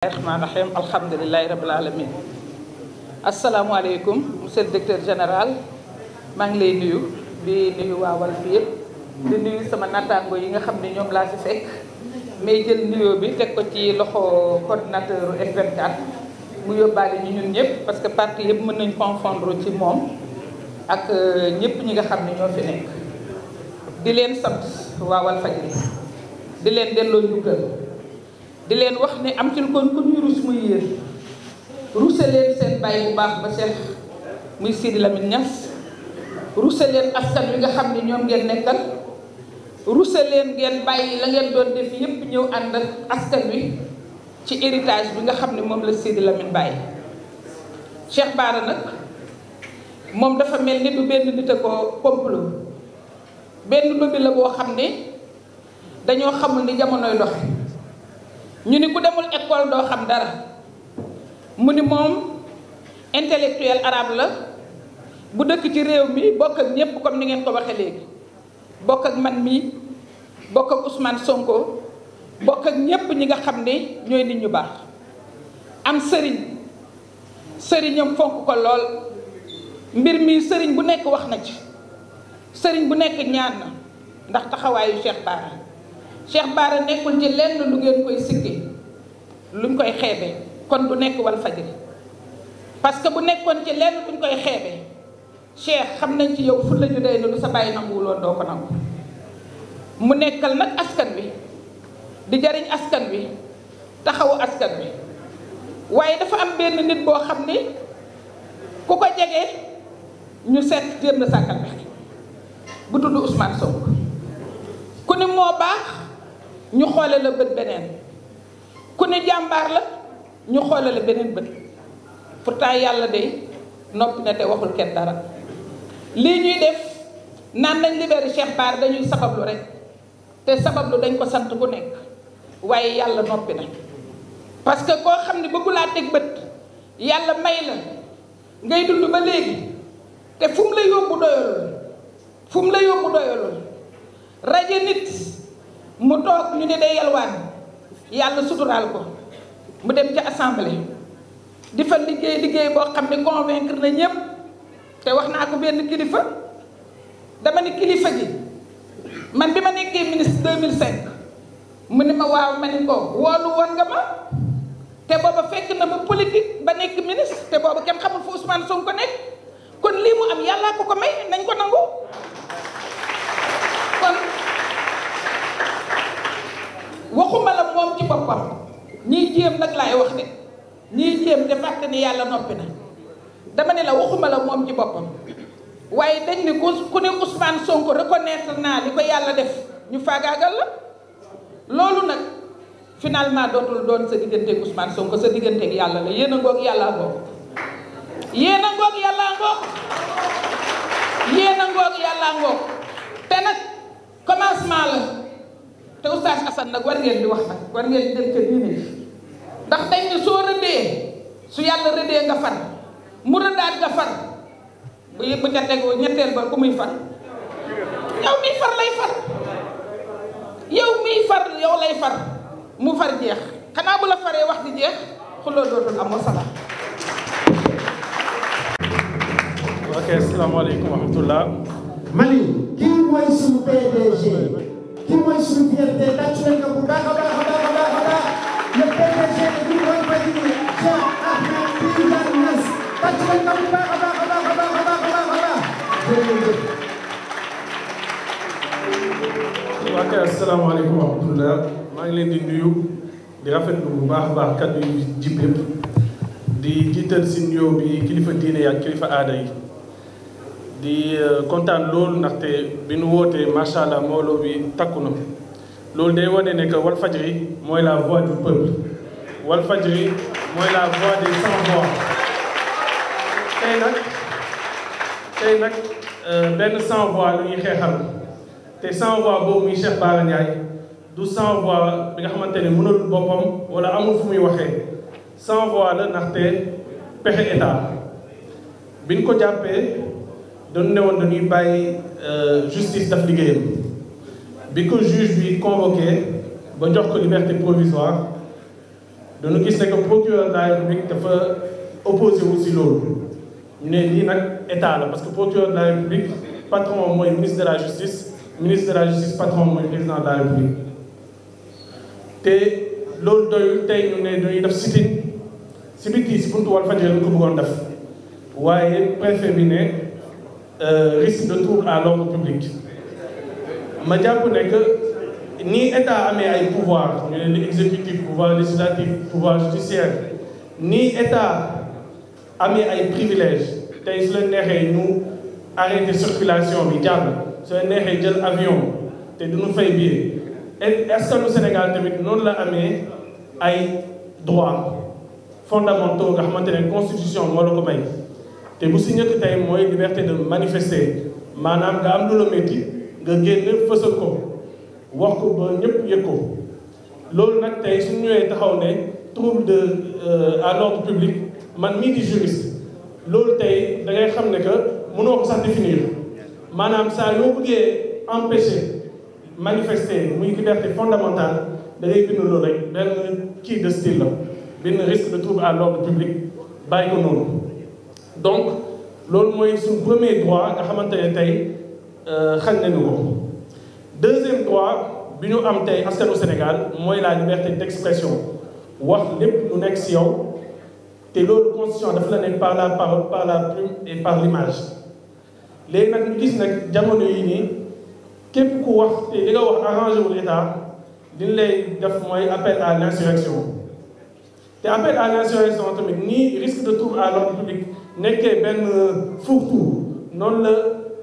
rahmaan rahim alhamdulilahi rabil alamin asalaamualeykum monsieur général maa ngi lay nuyu bi nuyu waa Walf di nuyu sama nattaango yi nga xam ne ñoom laa ci fekk mais jël nuyo bi teg ko ci loxo coordinateur F24 mu yóbbaale ñu ñun ñëpp parce que parti yëpp mën nañ confondre ci moom ak euh, ñëpp ñi nga xam ne ñoo fi nekk di leen sant waa Walfadjri di leen delloo njukkal di leen wax ni am ci kon ku ñuy rus muy yéen ruse seen bàyyi bu baax ba seex muy Sidi lamin Niass ruse leen askan wi nga xam ne ñoom ngeen nekkal ruse leen ngeen bàyyi la ngeen doon def yépp ñëw ànd ak askan wi ci héritage bi nga xam ne moom la Sidi lamin bàyyi Cheikh Bara nag moom dafa mel ni du benn nit a ko complot benn lobby la boo xam ne dañoo xamul ni jamonoy doxe ñu ni ku demul école doo xam dara mu ni moom intellectuel arabe la bu dëkk ci réew mi bokk ak ñépp comme ni ngeen ko waxee léegi bokk ak man mi bokk ak Ousmane Sonko bokk ak ñépp ñi nga xam ni ñooy nit ñu baax am sëriñ sëriñam fonk ko lool mbir mi sëriñ bu nekk wax na ci sëriñ bu nekk ñaan na ndax taxawaayu Cheikh Bara Cheikh Bara nekkul ci lenn lu ngeen koy siggee luñ koy xeebee kon du nekk wal fajri parce que bu nekkoon ci lenn buñ koy xeebee Cheikh xam nañ ci yow fu la ñu day lu sa bàyyi nanguwuloon doo ko nangu mu nekkal nag askan wi di jariñ askan wi taxawu askan wi waaye dafa am benn nit boo xam ne ku ko jege ñu seet jéem na sàkkal pexe bu tudd Ousmane Sonko ku ni moo baax ñu xoole la bët beneen ku ne jàmbaar la ñu xoolale beneen bët pourtant yàlla de noppi na te waxul kenn dara lii ñuy def naan nañ libéré Cheikh Bara dañuy sabablu rek te sabablu dañ ko sant ku nekk waaye yàlla noppi na parce que koo xam ne laa teg bët yàlla may la ngay dund ba léegi te fu la yóbbu doyalul fu la yóbbu doyalul rajo nit mu toog ñu ne day yalwaan yàlla suturaal ko mu dem ci assemblée di fa liggéey liggéey boo xam ne convaincre na ñëpp te wax naa ko benn kilifa dama ni kilifa gi man bi ma nekkee ministre 2005 mu ne ma waaw ma ni ko woolu woon nga ma te booba fekk na ma politique ba nekk ministre te booba kenn xamul fu Ousmane ko nekk kon lii mu am yàllaa ko ko may nañ ko nangu. waxuma la moom ci boppam ñiy jéem nag laay wax de ñiy jéem de fàtte ni yàlla noppi na dama ne la waxuma la moom ci boppam waaye dañ ne ku ku ne Ousmane Sonko reconnaître naa li ko yàlla def ñu faagaagal la loolu nag finalement dootul doon sa digganteeg Ousmane Sonko sa digganteeg yàlla la yéen a ngoog yàlla ngoog yéen a ngoog yàlla ngoog yéen a ngoog te nag commencement la te oustaz Assane nag war ngeen di wax nag war ngeen di dem ca diine ndax dañ ne soo rëddee su yàlla rëddee nga far mu rëddaat nga far bu yëpp ca tegoo ñetteel ba ku muy far yow miy far lay far yow miy far yow lay far mu far jeex xanaa bu la faree wax di jeex xuloo dootul am wasalaam ok ki mooy suñu fierté tàcc nañ ko bu baax a baax a baax a baax a baax le PDG du Walfadjri Cheikh Ahmed Tidiane Niass tàcc nañ ko bu baax a baax a baax a baax a baax a baax a baax jërëjëf waa kay asalaamaaleykum wa rahmatullah maa ngi leen di nuyu di rafetlu bu baax a baax kaddu yu jib yëpp di jiital si nuyoo bi kilifa diine yi ak kilifa aada yi di euh, kontaan loolu ndaxte bi nu wootee macha allah mbooloo bi takku na loolu day wane ne que Walfadjri mooy la voix du peuple Walfadjri mooy la voix des sans voix tey nag tey nag euh, benn sans voix lu ñuy xeexal te sans voix boobu muy Cheikh Bara Ndiaye du sans voix bi nga xamante ne mënul boppam wala amul fu muy waxee sans voix la ndaxte pexe état bi ñu ko jàppee. dañu ne woon dañuy bàyyi euh, justice daf liggéeyam bi ko juge bi convoqué ba jox ko liberté provisoire dañu gis ne que procureur de la république dafa opposé si loolu ne lii nag état la parce que procureur de la république patron mooy ministre de la justice ministre de la justice patron mooy président de te loolu doyul tey ñu ne dañuy def sit-in si biti si buntu Walfadjri lañ ko bëggoon def waaye préfet bi ne Euh, risque de trouble à l'ordre public ma jàpp ne que ni état amee ay pouvoir ñu leen exécutif pouvoir législatif pouvoir judiciaire ni état amee ay privilège tey su leen neexee ñu arrêté circulation bi jàpp su leen neexee jël avion te duñu fay billet et askanu Sénégal tamit noonu la amee ay droits fondamentaux nga xamante ne constitution moo ko may te bu si njëkk tey mooy liberté de manifester maanaam nga am lu la métti nga génn fësal ko wax ko ba ñëpp yëg ko loolu nag tey su ñëwee taxaw ne trouble de euh, à l'ordre public man mii di juriste loolu tey da xam ne que mënoo ko sax définir maanaam saa yoo bëggee empêcher manifester muy liberté fondamentale da ngay bind loolu rek kii de style la benn risque de trouble à l'ordre public bàyyi ko noonu. donc loolu mooy suñ premier droit nga xamante ne tey euh, xañ nañu ko deuxième droit bi ñu am tey askanu Sénégal mooy la liberté d'expression wax lépp lu nekk ci yow te loolu constitution dafa la nekk par la parole par la plume et par l'image léegi nag ñu gis nag jamono yi nii képp ku wax te li nga wax arrangé wul état li ñu lay def mooy appel à l'insurrection te appel à l'insurrection tamit nii risque de trouble à l'ordre public nekkee benn euh, fourre-tout noonu la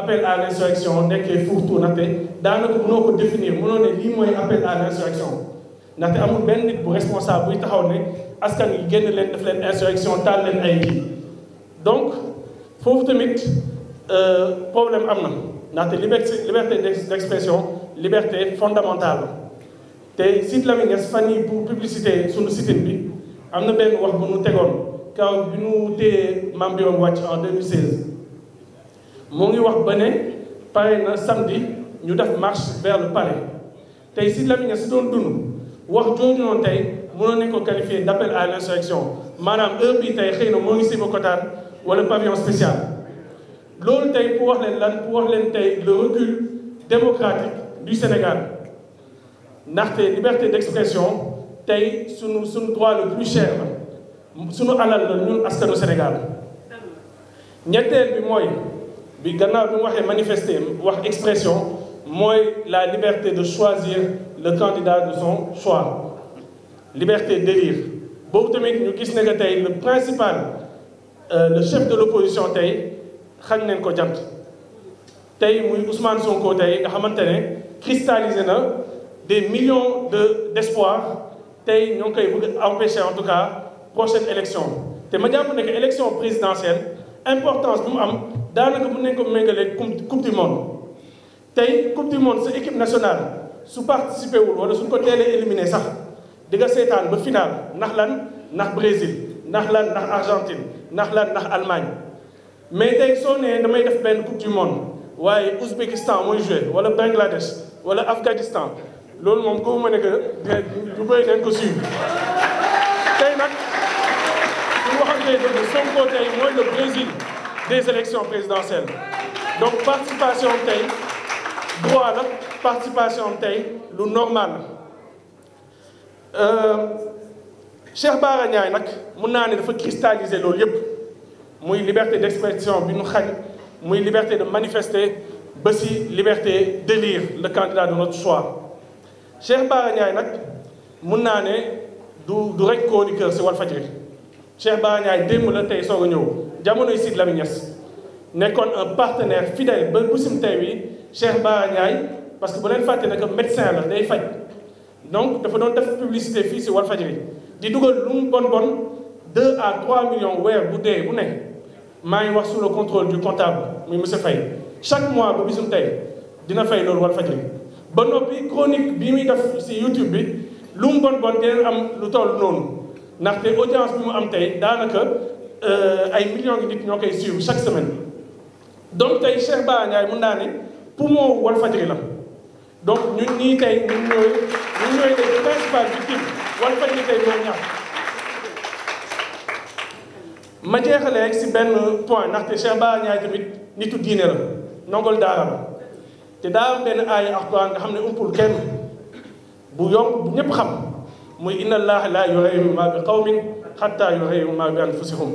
appel à l'insurrection nekkee fourre-tout ndaxte daanaka mënoo ko définir mënoo ne lii mooy appel à l'insurrection ndaxte amul benn nit bu responsable buy taxaw ne askan wi génn leen def leen insurrection taal leen ay kii donc foofu tamit euh, problème am na ndaxte liberté liberté d'expression liberté fondamentale te Sidy Lamine Niasse fan yi pour publicité sunu site bi am na benn wax bu nu tegoon kaw bi mu téyee Mame Birame wàcc en 2016 moo ngi wax ba ne pare na samedi ñu def marche vers le palais tey si Lamine Niass si doon dund wax jooju noonu tey mënoon nañ ko qualifier d' appel à l' maanaam heure bii tey xëy na moo ngi Sib Kotaan wala pavillon spécial. loolu tey pour wax leen lan pour wax leen tey le recul démocratique du Sénégal ndaxte liberté d' expression tey sunu sunu droit le plus cher suñu alal la ñun askanu Sénégal ñetteel bi mooy bi gannaaw bi mu waxee manifester wax expression mooy la liberté de choisir le candidat de son choix liberté d'élire boobu tamit ñu gis ne nga tey le principal euh, le chef de l'opposition tey xañ nañ ko jant tey muy Ousmane Sonko tey nga xamante ne cristallisé na des millions de d'espoir tey ñoo ngi koy bëgg empêcher en tout cas prochaine élection te ma jàpp ne que élection présidentielle importance bi mu am daanaka mën nañ ko méngale coupe du monde tey coupe du monde sa équipe nationale su participé wul wala suñ ko teelee éliminé sax di nga seetaan ba final ndax lan ndax Brésil ndax lan ndax Argentine ndax lan ndax Allemagne mais tey soo nee damay def benn coupe du monde waaye Ouzbékistan mooy joué wala Bangladesh wala Afghanistan loolu moom koo mën a que du bëri dañ ko suivre allié de son côté mooy le Brésil des élections présidentielles donc participation tey droit la participation tey lu normal euh, Cheikh Bara nag mun naa ne dafa cristalliser loolu yépp muy liberté d'expression bi ñu xañ muy liberté de manifester ba si liberté d'élire le candidat de notre choix Cheikh Bara Ndiaye nag mun naa ne du du rek chroniqueur si Walfadjri Cheikh Bara Ndiaye démb la tey soo a ñëw jamonoy Sidy Lamine Niass nekkoon un partenaire fidèle ba busim tey wi Cheikh Bara Ndiaye parce que bu leen fàtte ne que médecin la day faj donc dafa doon def publicité fii si Walfadjri di dugal lu mu bon bon de a trois millions weer bu dee bu ne maa ngi wax sous le contrôle du comptable muy monsieur Faye chaque mois ba bisum tey dina fay loolu Walfadjri ba noppi chronique bi muy def si YouTube bi lu mu bon bon dina am lu toll noonu. ndaxte audience bi mu am tey daanaka euh, ay millions ngi nit ñoo koy suivre chaque semaine donc tey Cheikh Bara Ndiaye mun naa ne poumon Walfadjri la donc ñun ñii tey ñun ñooy ñun ñooy les principales victimes Walfadjri tey ñoo ñàkk ma jeexalee rek si benn point ndaxte Cheikh Bara Ndiaye tamit nitu diine la ndongol daara la te daa am benn aaya Alxuraan nga xam ne umpul kenn bu yomb bu ñëpp xam muy inna allaha laa yughayyiru maa bi qawmin xattaa yughayyiru maa bi anfusihum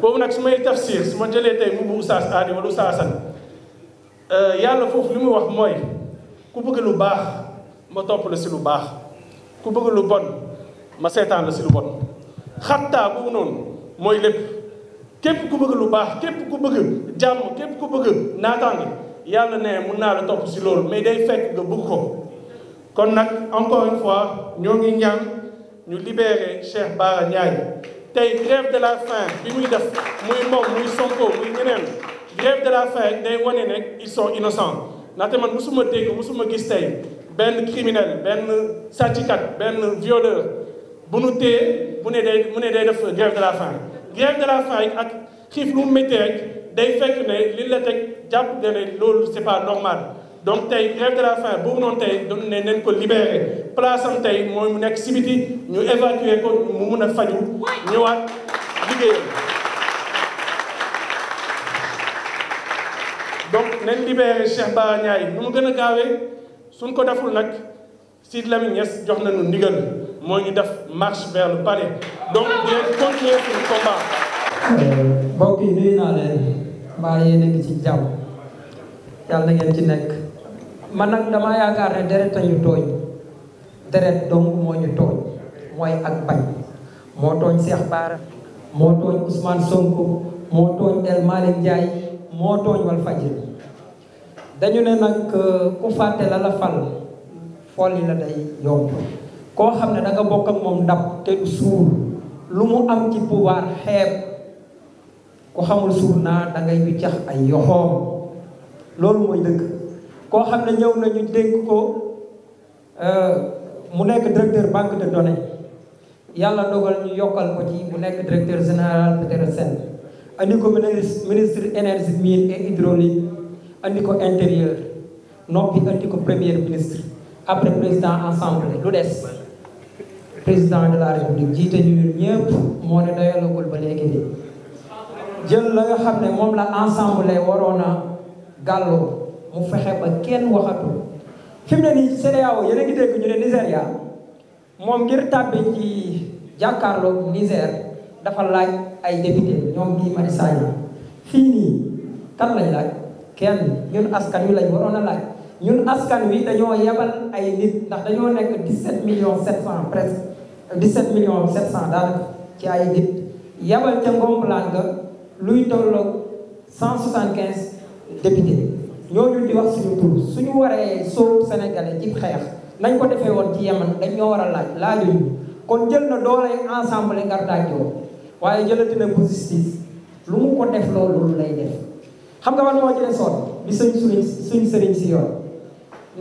boobu nag su may tafsir su ma jëlee tey mu bu saas Aadi wala Oustaz Assane euh, yàlla foofu li muy wax mooy ku bëgg lu baax ma topp la si lu baax ku bëgg lu bon ma seetaan la si lu bon xattaa boobu noonu mooy lépp képp ku bëgg lu baax képp ku bëgg jàmm képp ku bëgg naataange yàlla ne mun naa la topp si loolu mais day fekk nga bëgg ko kon nag encore une fois ñoo ngi ñaan ñu libérer Cheikh Bara Ndiaye tey grève de la faim bi muy def muy moom muy Sonko muy ñeneen grève de la faim day wane ne ils sont innocents ndaxte man mosuma dégg suma gis tey benn criminel benn sàccikat benn violeur bu nu téye bu ne day mu ne day def grève de la faim grève de la faim ak xiif lu mu méttee rek day fekk ne li la teg jàpp ne loolu c'est pas normal donc tey grève de la faim boobu noonu tey doon ne nañ ko libéré place am tey mooy mu nekk si biti ñu évacuer ko mu mun a faju ñëwaat liggéeyam donc nañ libéré Cheikh Bara Ndiaye mu gën a gaawee suñ ko deful nag Sidy Lamine jox nañu ndigal mooy ñu def marche vers le palais donc dinañ continuer suñu combat. Euh, mbokk yi naa leen mbaa yéen a ngi ci jàmm yàlla ngeen ci nekk. man nag dama yaakaar ne deret la ñu tooñ deret dong moo ñu tooñ mooy ak bañ moo tooñ Cheikh Bara moo tooñ Ousmane Sonko moo tooñ El Malick moo tooñ Walfadjri dañu ne nag euh, ku fàtte la la day yomb koo xam ne da nga bokk ak moom ndab te suur lu mu am ci pouvoir xeeb ku xamul suur naa da ngay wiccax ay yoxoom loolu mooy dëgg koo xam ne ñëw nañu dénk ko euh, mu nekk directeur banque de données yàlla dogal ñu yokkal ko ci mu nekk directeur général Petersen andi ko ministre ministre énergie mine et hydraulique andi ko intérieur noppi andi ko premier ministre après président assemblée lu des président de la république jiite ñu ñëpp moo ne doyalagul ba léegi nii jël la nga xam ne moom la assemblée waroon gàll gàlloo mu fexe ba kenn waxatu fi mu ne nii CEDEAO yéen ngi dégg ñu ne Nigéria moom ngir tàbbi ci jàkkaarloog Niger dafa laaj ay député ñoom Guy Marius Sagna fii nii kan lañ laaj kenn ñun askan wi lañ waroon a laaj ñun askan wi dañoo yebal ay nit ndax dañoo nekk 17 millions 700 presque 17 millions 700 daanaka ci ay nit yebal ca Ngomplane nga luy tolloog 175 député. ñooñu di wax suñu tur suñu waree sóob sénégalais ci xeex nañ ko defee woon ci Yemen dañ ñoo war a laal laajuñu kon jël na doole ensemble ngardaajoo waaye jëlati na bu justice lu mu ko def loolu lay def xam nga man moo ci desoon bi sëñ suñu suñ sëriñ si yoon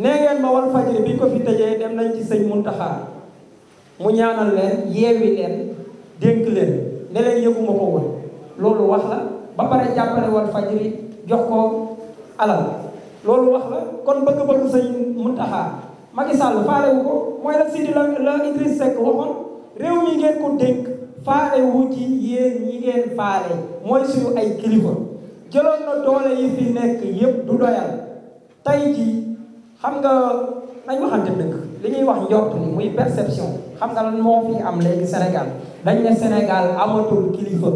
nee ngeen ma wal fajri bi ko fi tëjee dem nañ ci sëñ Muntaxa mu ñaanal leen yeewi leen dénk leen ne leen yëguma ko woon loolu wax la ba pare jàppale wal fajri jox ko alal loolu wax la kon bëgg-bëgg sëñ Muntaxa Macky Sall faalewu ko mooy la Sidi la la Idriss Seck waxoon réew yi ngeen ko dénk faalewu ci yéen ñi ngeen faale mooy suñu ay kilifa jëloon na doole yi fi nekk yépp du doyal tey ji xam nga nañ waxante dëgg li ñuy wax njort ni muy perception xam nga lan moo fi am léegi Sénégal dañ ne Sénégal amatul kilifa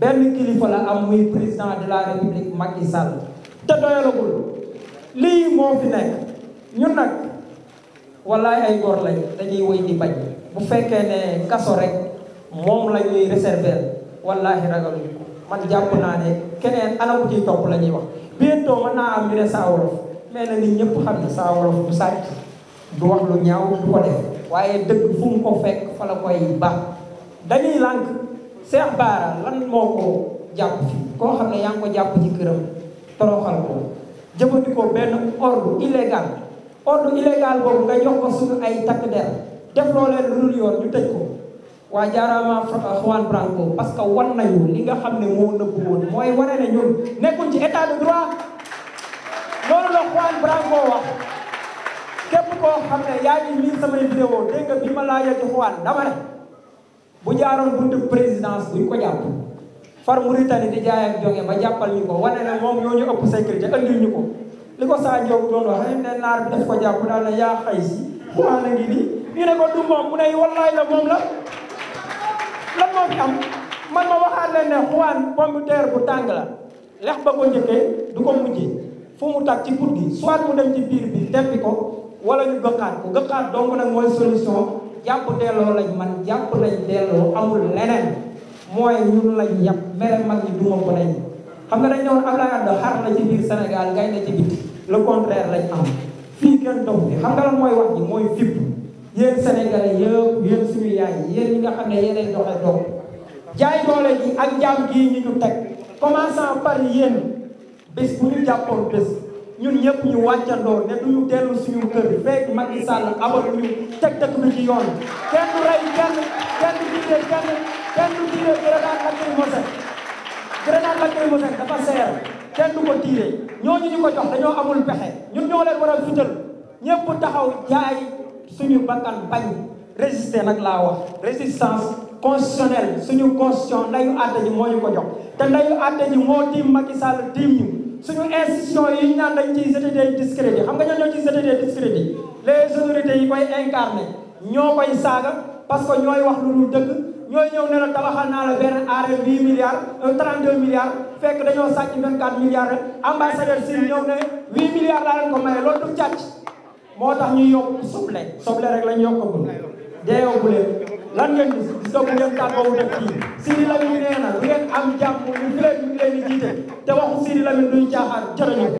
benn kilifa la am muy président de la République Macky Sall te doyalagul lii moo fi nekk ñun nag wallaay ay góor lañ dañuy wëy di bañ bu fekkee ne kaso rek moom la ñuy réserver wallaahi ragaluñu ko man jàpp naa ne keneen ana ci ciy topp la ñuy wax bientôt mën naa am ñu ne Saa Wolof na nit ñëpp xam ne Saa Wolof du du wax lu ñaaw du ko def waaye dëkk fu ko fekk fa la koy baax dañuy lànk Cheikh Bara lan moo ko jàpp koo xam ne yaa ngi ko jàpp ci këram toroxal ko jëfandikoo benn ordre illégal ordre illégal boobu nga jox suñu ay takk der def loo leen lu dul yoon ñu tëj ko waa jaaraama Juan Branco parce que wan nañu li nga xam ne moo nëbbu woon mooy wane ne ñun nekkuñ ci état de droit loolu la Juan Branco wax képp koo xam ne yaa ngi miin samay vidéo dégg nga bi ma laajee ci Juan dama ne bu jaaroon buntu présidence buñ ko jàpp far Mauritanie di jaay ak ba jàppal ñu ko wane ne moom ñoo ñu ëpp sécurité andil ñu ko li ko saa jow doon wax ne naar ne yaa xay si waa na ngi nii ñu ne ko du moom mu ne wallaay la moom la lan moo fi man ma waxaat leen ne xuwaan pomme terre bu tàng la lex ba ko njëkkee du ko mujjee fu mu tag ci put gi soit mu dem ci biir bi teppi ko wala ñu gëqaat ko gëqaat dong nag mooy solution jàpp delloo lañ man jàpp lañ delloo amul leneen mooy ñun lañ yàpp mere mag ñi duma ko nañ xam nga dañ ne woon Abdoulaye Wade xar la ci biir Sénégal ngay ne ci biti le contraire lañ fii kenn dox bi xam nga lan mooy wax ji mooy fipp yéen Sénégalais yëpp yéen suñu yaay yéen nga xam ne yéenay doxee dox jaay doole ji ak jaam gii ñi ñu teg commençant par yéen bés bu ñu jàppoon bés ñun ñëpp ñu wàccandoo ne duñu dellu suñu kër fekk Macky Sall abal ñu teg teg ñu ci yoon kenn du rey kenn kenn du jiite kenn kenn du jiite grenade lacrymogène grenade lacrymogène dafa seer kenn du ko tiire ñooñu ñu ñun ñoo leen war ñëpp taxaw jaay suñu bakkan bañ résister nag laa wax résistance constitutionnelle suñu constitution ndayu àtte ji moo ñu ko jox te ndayu àtte ji moo tiim Macky tiim ñu suñu institution yi ñu naan dañ ciy jeté des discrédit xam nga ñoo ñoo ciy jeté des discrédit les autorités yi koy incarné ñoo koy saaga parce que ñooy wax lu lu dëgg ñooy ñëw ne la tabaxal naa la benn arrêt 8 milliards 32 euh, milliards fekk dañoo sàcc 24 milliards rek ambassadeur si ñëw ne 8 milliards laa ko maye loolu du càcc moo tax ñuy yokk soble soble rek lañ yokk ko dee yokku leen lan ngeen gis gisagu ngeen tàggoo wu nekk fii Sidi Lamine nee na ngeen am jàmm ñu ngi leen ñu jiite te waxu Sidi Lamine duñ caaxaan jërëjëf